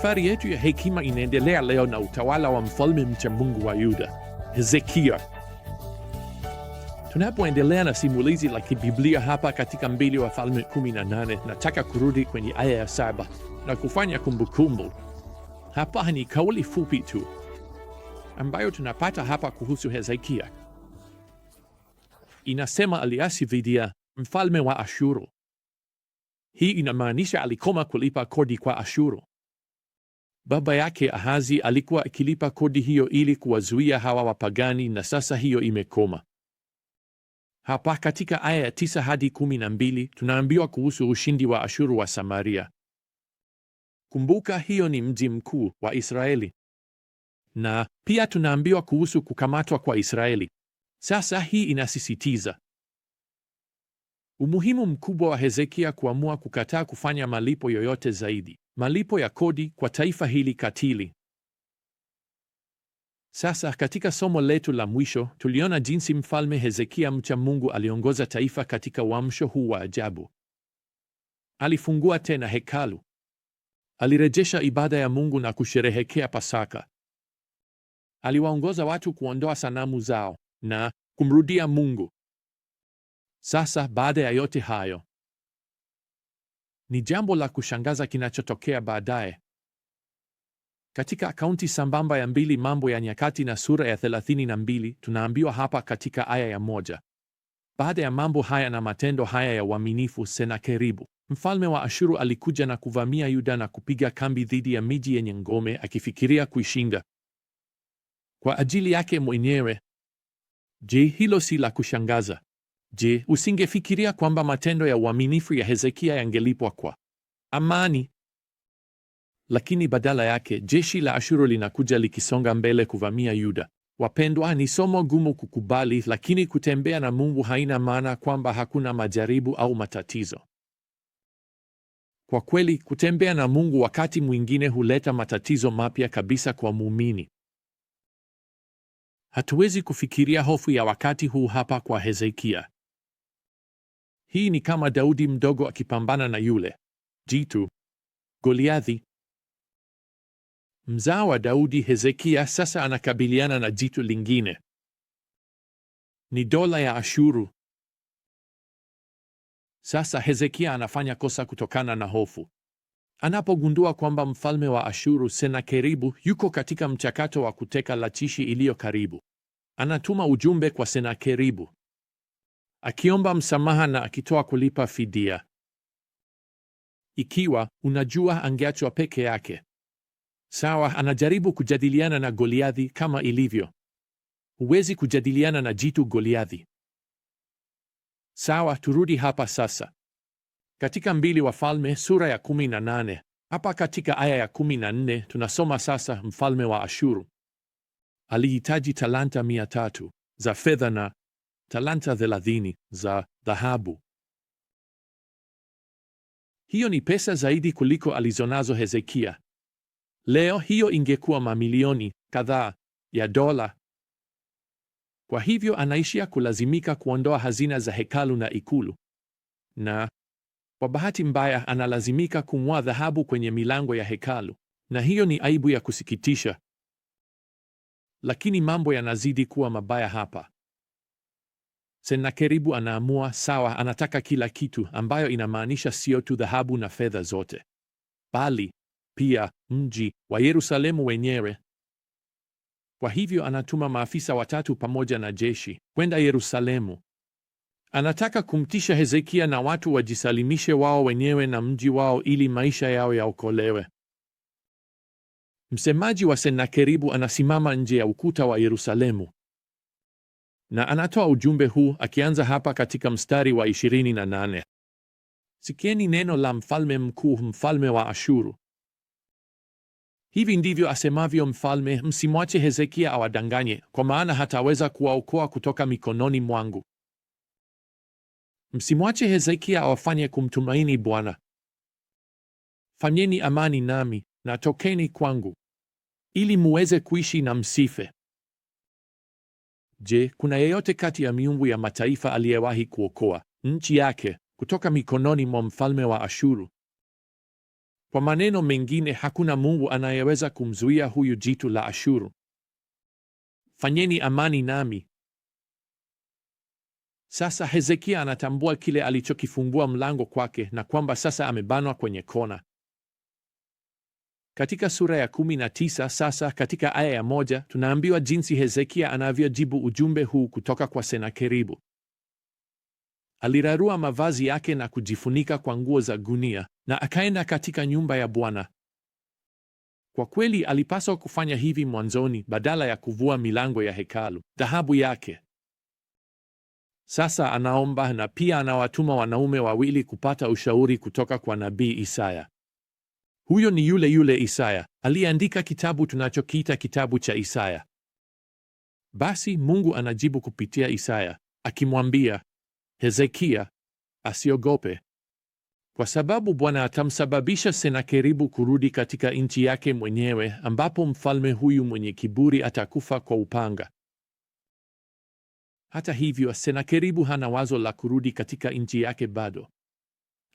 safari yetu ya hekima inaendelea leo na utawala wa mfalme mcha Mungu wa Yuda, Hezekia. Tunapoendelea na simulizi la kibiblia hapa katika Mbili wa Falme 18, nataka kurudi kwenye aya ya saba na kufanya kumbukumbu. Hapa ni kauli fupi tu ambayo tunapata hapa kuhusu Hezekia. Inasema aliasi dhidi ya mfalme wa Ashuru. Hii inamaanisha alikoma kulipa kodi kwa Ashuru. Baba yake Ahazi alikuwa akilipa kodi hiyo ili kuwazuia hawa wapagani, na sasa hiyo imekoma. Hapa katika aya ya tisa hadi kumi na mbili tunaambiwa kuhusu ushindi wa Ashuru wa Samaria. Kumbuka, hiyo ni mji mkuu wa Israeli, na pia tunaambiwa kuhusu kukamatwa kwa Israeli. Sasa hii inasisitiza umuhimu mkubwa wa Hezekia kuamua kukataa kufanya malipo yoyote zaidi malipo ya kodi kwa taifa hili katili. Sasa katika somo letu la mwisho tuliona jinsi mfalme Hezekia mcha Mungu aliongoza taifa katika uamsho huu wa ajabu. Alifungua tena hekalu, alirejesha ibada ya Mungu na kusherehekea Pasaka. Aliwaongoza watu kuondoa sanamu zao na kumrudia Mungu. Sasa baada ya yote hayo, ni jambo la kushangaza kinachotokea baadaye. Katika akaunti sambamba ya mbili Mambo ya Nyakati na sura ya 32 tunaambiwa hapa katika aya ya moja, baada ya mambo haya na matendo haya ya uaminifu, Senakeribu mfalme wa Ashuru alikuja na kuvamia Yuda na kupiga kambi dhidi ya miji yenye ngome, akifikiria kuishinda kwa ajili yake mwenyewe. Je, hilo si la kushangaza? Je, usingefikiria kwamba matendo ya uaminifu ya Hezekia yangelipwa kwa amani? Lakini badala yake jeshi la Ashuru linakuja likisonga mbele kuvamia Yuda. Wapendwa, ni somo gumu kukubali, lakini kutembea na Mungu haina maana kwamba hakuna majaribu au matatizo. Kwa kweli, kutembea na Mungu wakati mwingine huleta matatizo mapya kabisa kwa muumini. Hatuwezi kufikiria hofu ya wakati huu hapa kwa Hezekia. Hii ni kama Daudi mdogo akipambana na yule jitu Goliathi. Mzao wa Daudi Hezekia sasa anakabiliana na jitu lingine, ni dola ya Ashuru. Sasa Hezekia anafanya kosa kutokana na hofu anapogundua kwamba mfalme wa Ashuru Senakeribu yuko katika mchakato wa kuteka Lachishi iliyo karibu. Anatuma ujumbe kwa Senakeribu akiomba msamaha na akitoa kulipa fidia. Ikiwa unajua angeachwa peke yake, sawa, anajaribu kujadiliana na Goliathi kama ilivyo. Huwezi kujadiliana na jitu Goliathi. Sawa, turudi hapa sasa katika mbili Wafalme sura ya 18. Hapa katika aya ya 14 tunasoma sasa, mfalme wa Ashuru alihitaji talanta mia tatu za fedha na talanta thelathini za dhahabu. Hiyo ni pesa zaidi kuliko alizonazo Hezekia. Leo hiyo ingekuwa mamilioni kadhaa ya dola. Kwa hivyo anaishia kulazimika kuondoa hazina za hekalu na ikulu, na kwa bahati mbaya analazimika kumwa dhahabu kwenye milango ya hekalu, na hiyo ni aibu ya kusikitisha. Lakini mambo yanazidi kuwa mabaya hapa. Senakeribu anaamua sawa, anataka kila kitu, ambayo inamaanisha sio tu dhahabu na fedha zote, bali pia mji wa Yerusalemu wenyewe. Kwa hivyo anatuma maafisa watatu pamoja na jeshi kwenda Yerusalemu. Anataka kumtisha Hezekia na watu wajisalimishe wao wenyewe na mji wao ili maisha yao yaokolewe. Msemaji wa Senakeribu anasimama nje ya ukuta wa Yerusalemu na anatoa ujumbe huu akianza hapa katika mstari wa 28: sikieni neno la mfalme mkuu, mfalme wa Ashuru. Hivi ndivyo asemavyo mfalme, msimwache Hezekia awadanganye, kwa maana hataweza kuwaokoa kutoka mikononi mwangu. Msimwache Hezekia awafanye kumtumaini Bwana. Fanyeni amani nami na tokeni kwangu, ili muweze kuishi na msife. Je, kuna yeyote kati ya miungu ya mataifa aliyewahi kuokoa nchi yake kutoka mikononi mwa mfalme wa Ashuru? Kwa maneno mengine, hakuna mungu anayeweza kumzuia huyu jitu la Ashuru. Fanyeni amani nami. Sasa Hezekia anatambua kile alichokifungua mlango kwake na kwamba sasa amebanwa kwenye kona. Katika sura ya kumi na tisa sasa katika aya ya moja tunaambiwa jinsi Hezekia anavyojibu ujumbe huu kutoka kwa Senakeribu. Alirarua mavazi yake na kujifunika kwa nguo za gunia na akaenda katika nyumba ya Bwana. Kwa kweli alipaswa kufanya hivi mwanzoni badala ya kuvua milango ya hekalu dhahabu yake. Sasa anaomba na pia anawatuma wanaume wawili kupata ushauri kutoka kwa nabii Isaya huyo ni yule yule Isaya aliyeandika kitabu tunachokiita kitabu cha Isaya. Basi Mungu anajibu kupitia Isaya akimwambia Hezekia asiogope, kwa sababu Bwana atamsababisha Senakeribu kurudi katika nchi yake mwenyewe, ambapo mfalme huyu mwenye kiburi atakufa kwa upanga. Hata hivyo, Senakeribu hana wazo la kurudi katika nchi yake bado.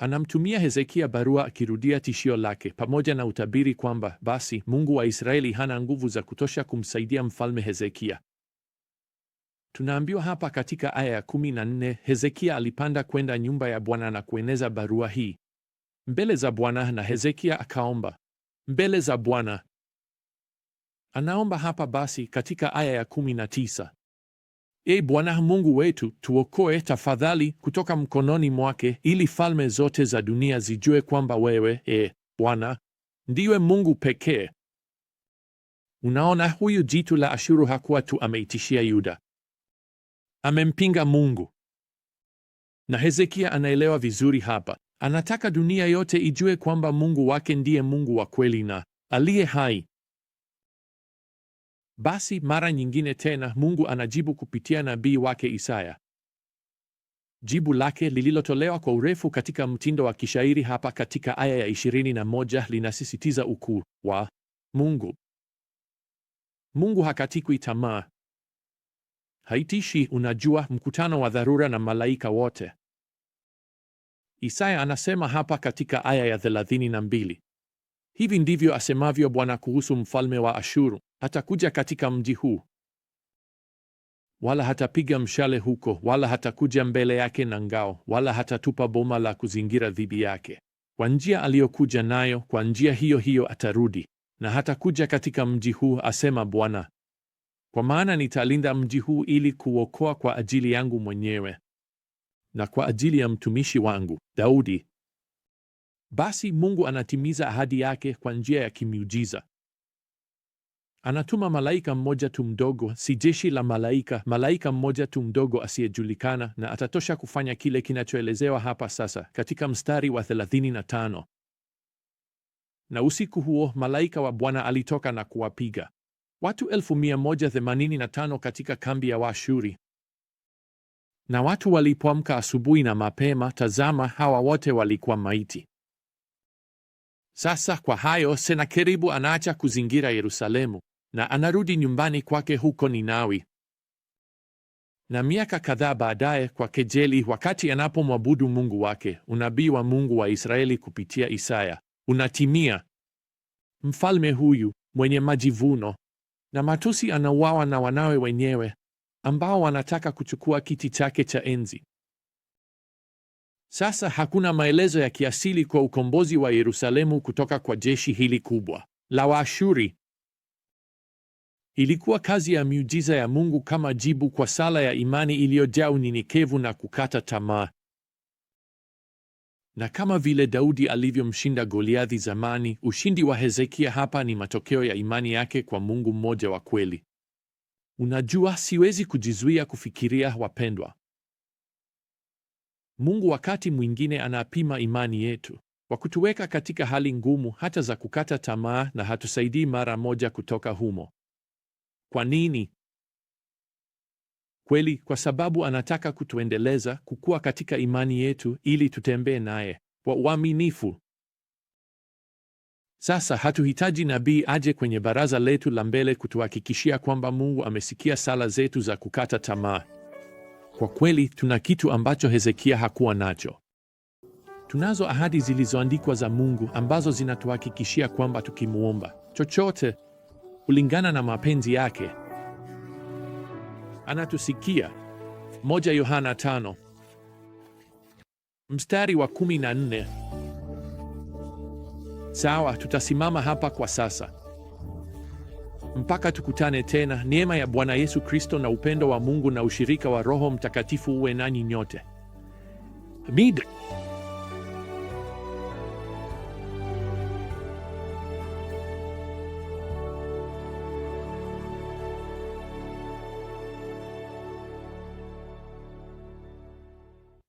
Anamtumia Hezekia barua akirudia tishio lake pamoja na utabiri kwamba basi Mungu wa Israeli hana nguvu za kutosha kumsaidia mfalme Hezekia. Tunaambiwa hapa katika aya ya 14, Hezekia alipanda kwenda nyumba ya Bwana na kueneza barua hii mbele za Bwana, na Hezekia akaomba mbele za Bwana. Anaomba hapa basi katika aya ya 19, E Bwana Mungu wetu, tuokoe tafadhali kutoka mkononi mwake, ili falme zote za dunia zijue kwamba wewe, e Bwana, ndiwe Mungu pekee. Unaona, huyu jitu la Ashuru hakuwa tu ameitishia Yuda, amempinga Mungu. Na Hezekia anaelewa vizuri hapa. Anataka dunia yote ijue kwamba Mungu wake ndiye Mungu wa kweli na aliye hai. Basi mara nyingine tena Mungu anajibu kupitia nabii wake Isaya. Jibu lake lililotolewa kwa urefu katika mtindo wa kishairi hapa katika aya ya 21 linasisitiza ukuu wa Mungu. Mungu hakatikwi tamaa. Haitishi, unajua, mkutano wa dharura na malaika wote. Isaya anasema hapa katika aya ya 32 Hivi ndivyo asemavyo Bwana kuhusu mfalme wa Ashuru, hatakuja katika mji huu, wala hatapiga mshale huko, wala hatakuja mbele yake na ngao, wala hatatupa boma la kuzingira dhidi yake. Kwa njia aliyokuja nayo, kwa njia hiyo hiyo atarudi, na hatakuja katika mji huu, asema Bwana. Kwa maana nitalinda mji huu ili kuokoa kwa ajili yangu mwenyewe na kwa ajili ya mtumishi wangu Daudi. Basi Mungu anatimiza ahadi yake kwa njia ya kimiujiza. Anatuma malaika mmoja tu mdogo, si jeshi la malaika, malaika mmoja tu mdogo asiyejulikana, na atatosha kufanya kile kinachoelezewa hapa sasa katika mstari wa 35. Na usiku huo malaika wa Bwana alitoka na kuwapiga watu 1185 katika kambi ya Washuri. Na watu walipoamka asubuhi na mapema, tazama, hawa wote walikuwa maiti. Sasa kwa hayo, Senakeribu anaacha kuzingira Yerusalemu na anarudi nyumbani kwake huko Ninawi. Na miaka kadhaa baadaye, kwa kejeli, wakati anapomwabudu Mungu wake, unabii wa Mungu wa Israeli kupitia Isaya unatimia. Mfalme huyu mwenye majivuno na matusi anauawa na wanawe wenyewe ambao wanataka kuchukua kiti chake cha enzi. Sasa hakuna maelezo ya kiasili kwa ukombozi wa Yerusalemu kutoka kwa jeshi hili kubwa la Waashuri. Ilikuwa kazi ya miujiza ya Mungu kama jibu kwa sala ya imani iliyojaa unyenyekevu na kukata tamaa. Na kama vile Daudi alivyomshinda Goliathi zamani, ushindi wa Hezekia hapa ni matokeo ya imani yake kwa Mungu mmoja wa kweli. Unajua, siwezi kujizuia kufikiria, wapendwa, Mungu wakati mwingine anapima imani yetu kwa kutuweka katika hali ngumu hata za kukata tamaa, na hatusaidii mara moja kutoka humo. Kwa nini? Kweli, kwa sababu anataka kutuendeleza kukua katika imani yetu ili tutembee naye kwa uaminifu. Sasa hatuhitaji nabii aje kwenye baraza letu la mbele kutuhakikishia kwamba Mungu amesikia sala zetu za kukata tamaa. Kwa kweli tuna kitu ambacho Hezekia hakuwa nacho. Tunazo ahadi zilizoandikwa za Mungu ambazo zinatuhakikishia kwamba tukimwomba chochote kulingana na mapenzi yake anatusikia. Moja Yohana tano mstari wa kumi na nne. Sawa, tutasimama hapa kwa sasa. Mpaka tukutane tena, neema ya Bwana Yesu Kristo na upendo wa Mungu na ushirika wa Roho Mtakatifu uwe nanyi nyote. Amina.